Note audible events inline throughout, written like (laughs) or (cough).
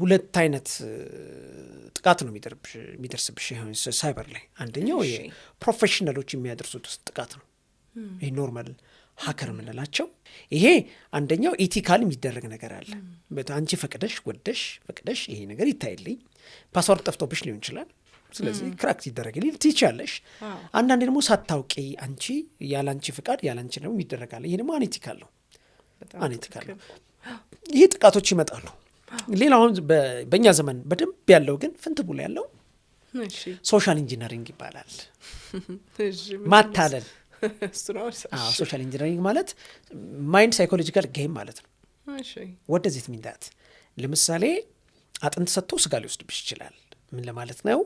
ሁለት አይነት ጥቃት ነው የሚደርስብሽ ሳይበር ላይ። አንደኛው ፕሮፌሽናሎች የሚያደርሱት ውስጥ ጥቃት ነው። ይህ ኖርማል ሀከር የምንላቸው ይሄ አንደኛው ኢቲካል የሚደረግ ነገር አለ። አንቺ ፈቅደሽ ወደሽ ፈቅደሽ ይሄ ነገር ይታይልኝ፣ ፓስወርድ ጠፍቶብሽ ሊሆን ይችላል። ስለዚህ ክራክት ይደረግ ሊል ትችያለሽ። አንዳንዴ ደግሞ ሳታውቂ አንቺ ያለአንቺ ፍቃድ ያለአንቺ ደግሞ ይደረጋል። ይሄ ደግሞ አኔቲካል ነው፣ አኔቲካል ነው። ይሄ ጥቃቶች ይመጣሉ። ሌላውን በእኛ ዘመን በደንብ ያለው ግን ፍንት ያለው ሶሻል ኢንጂነሪንግ ይባላል። (laughs) ማታለል። ሶሻል ኢንጂነሪንግ ማለት ማይንድ ሳይኮሎጂካል ጌም ማለት ነው። ወደዚህ ሚንዳት ለምሳሌ አጥንት ሰጥቶ ስጋ ሊወስድብሽ ይችላል። ምን ለማለት ነው?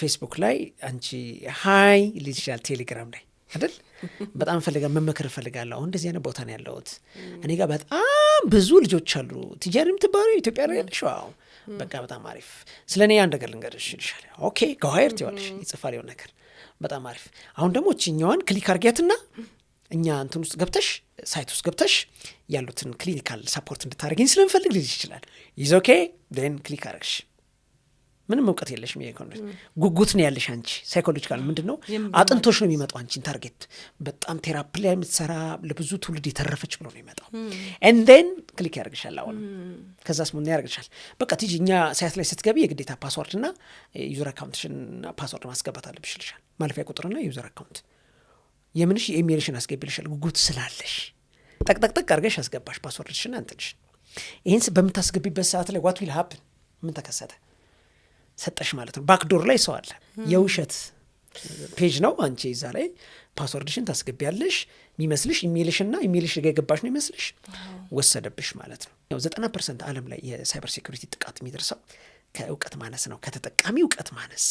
ፌስቡክ ላይ አንቺ ሀይ ልጅ ይችላል፣ ቴሌግራም ላይ አይደል በጣም ፈልጋ መመከር እፈልጋለሁ። አሁን እንደዚህ አይነት ቦታ ነው ያለሁት። እኔ ጋር በጣም ብዙ ልጆች አሉ። ትያኔ የምትባለው ኢትዮጵያ ላይ ያለሽ ዋው፣ በቃ በጣም አሪፍ። ስለ እኔ ያን ነገር ልንገርሽ ይልሻል። ኦኬ ከዋይር ትዋለሽ ይጽፋል የሆን ነገር በጣም አሪፍ። አሁን ደግሞ እችኛዋን ክሊክ አርጊያትና እኛ እንትን ውስጥ ገብተሽ ሳይት ውስጥ ገብተሽ ያሉትን ክሊኒካል ሰፖርት እንድታደረግኝ ስለምፈልግ ልጅ ይችላል ይዞኬ ኦኬ ን ክሊክ አረግሽ ምንም እውቀት የለሽም። የኢኮኖሚ ጉጉት ነው ያለሽ አንቺ። ሳይኮሎጂካል ምንድን ነው አጥንቶች ነው የሚመጣው አንቺን ታርጌት በጣም ቴራፕ ላይ የምትሰራ ለብዙ ትውልድ የተረፈች ብሎ ነው የሚመጣው። ኤንዴን ክሊክ ያደርግሻል። አሁን ከዛ ስሙ ያደርግሻል? በቃ ቲጂ እኛ ሳያት ላይ ስትገቢ የግዴታ ፓስወርድ ና ዩዘር አካውንትሽን ፓስወርድ ማስገባት አለብሽ ይልሻል። ማለፊያ ቁጥርና ዩዘር አካውንት የምንሽ የኢሜልሽን አስገቢልሻል። ጉጉት ስላለሽ ጠቅጠቅጠቅ አድርገሽ አስገባሽ ፓስወርድሽን አንትንሽ። ይህን በምታስገቢበት ሰዓት ላይ ዋት ዊል ሀፕን ምን ተከሰተ ሰጠሽ ማለት ነው። ባክዶር ላይ ሰው አለ። የውሸት ፔጅ ነው። አንቺ እዛ ላይ ፓስወርድሽን ታስገቢያለሽ የሚመስልሽ ኢሜልሽና ኢሜልሽ ጋ የገባሽ ነው ይመስልሽ ወሰደብሽ ማለት ነው። ያው ዘጠና ፐርሰንት አለም ላይ የሳይበር ሴኩሪቲ ጥቃት የሚደርሰው ከእውቀት ማነስ ነው። ከተጠቃሚ እውቀት ማነስ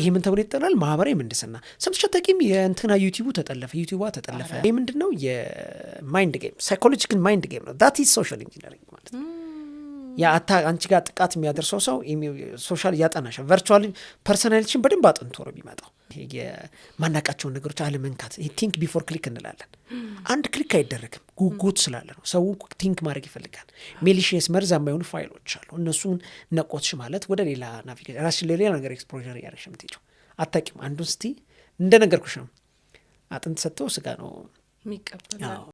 ይሄ ምን ተብሎ ይጠላል ማህበራዊ ምንድስና ሰምተሽ አታውቂም? የእንትና ዩቲቡ ተጠለፈ፣ ዩቲዩባ ተጠለፈ። ይህ ምንድን ነው? የማይንድ ጌም፣ ሳይኮሎጂካል ማይንድ ጌም ነው። ዳት ኢዝ ሶሻል ኢንጂነሪንግ የአታ አንቺ ጋር ጥቃት የሚያደርሰው ሰው ሶሻል እያጠናሻል ቨርቹዋል ፐርሶናሊቲሽን በደንብ አጥንቶ ነው የሚመጣው። የማናቃቸውን ነገሮች አለመንካት ቲንክ ቢፎር ክሊክ እንላለን። አንድ ክሊክ አይደረግም፣ ጉጉት ስላለ ነው። ሰው ቲንክ ማድረግ ይፈልጋል። ሜሊሽየስ መርዛማ የሆኑ ፋይሎች አሉ። እነሱን ነቆትሽ ማለት ወደ ሌላ ናቪጌሽን ራስሽን ለሌላ ነገር ኤክስፖዠር እያደረግሽ የምትሄጂው አታውቂም። አንዱን ስቲ እንደነገርኩሽ ነው። አጥንት ሰጥተው ስጋ ነው የሚቀበላል።